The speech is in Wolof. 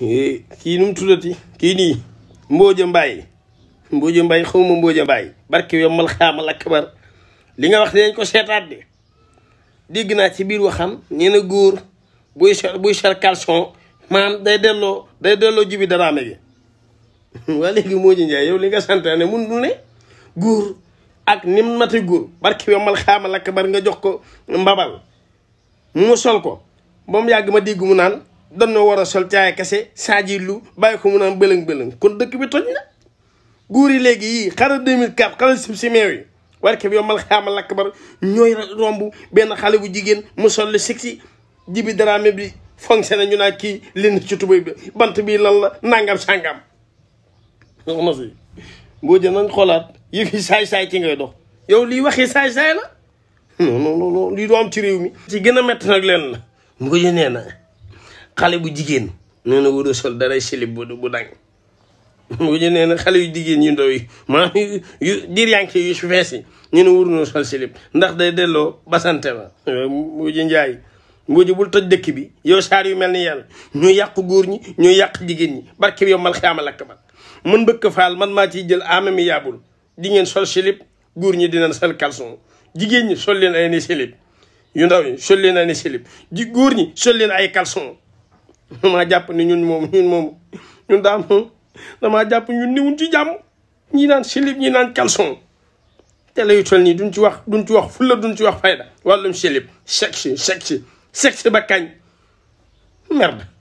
Eh, kii nu mu tuddati kii nii mbooja mbaay mbooja mbaay xawma mbooja mbaay barke yo mal xaamal akbar li nga wax dinañ ko seetaat bi dégg naa ci biir waxam nee na góor buy sol buy sol caleçon maam day delloo day delloo jibi daraame gi waa léegi Mbodj Ndiaye yow li nga santaane mun du ne góor ak nim mati góor barke yo mal xaamal akbar nga jox ko mbabal mu sol ko ba yàgg ma dégg mu naan danna war a sol caaya kese saaji lu bàyyi ko mu naan bëlëng-bëlëng kon dëkk bi toj na góor yi léegi yii xara 2004 xara sib si meew yi warke bi yow mal xaama lakk bar ñooy romb benn xale bu jigéen mu sol lu sexy jibi daraame bi fonctionné ñu naa ki linn ci tubay bi bant bii lan la nangam sàngam soxna si boo jë nañ xoolaat yëf yi saay-saay ci ngay dox yow lii waxi saay-saay la non non non lii doo am ci réew mi ci gën a métti nag leen la mu ko yénee na xale bu jigéen nee na war sol dara silib bu bu dang bu ñu nee na xale yu jigéen yu ndaw yi maanaam yu jir yanke yu su fees yi ñu ne warunoo sol silib ndax day delloo basante ba bu ji njaay bul toj dëkk bi yow saar yu mel ni yàlla ñu yàq góor ñi ñu yàq jigéen ñi barke bi yow mal xaama lakk ba mun man maa ciy jël ama di ngeen sol silib góor ñi dinañ sol caleçon jigéen ñi sol leen ay ni silib yu ndaw yi sol leen ay ni silib ji góor ñi sol leen ay caleçon damaa jàpp ni ñun moom ñun moom ñun daa moom damaa jàpp ñun niwun ci jàmm ñi naan silib ñi naan caleçon télé yu tol nii duñ ci wax duñ ci wax fulla duñ ci wax fayda wàllum silib sexe sexe sexe ba kañ merde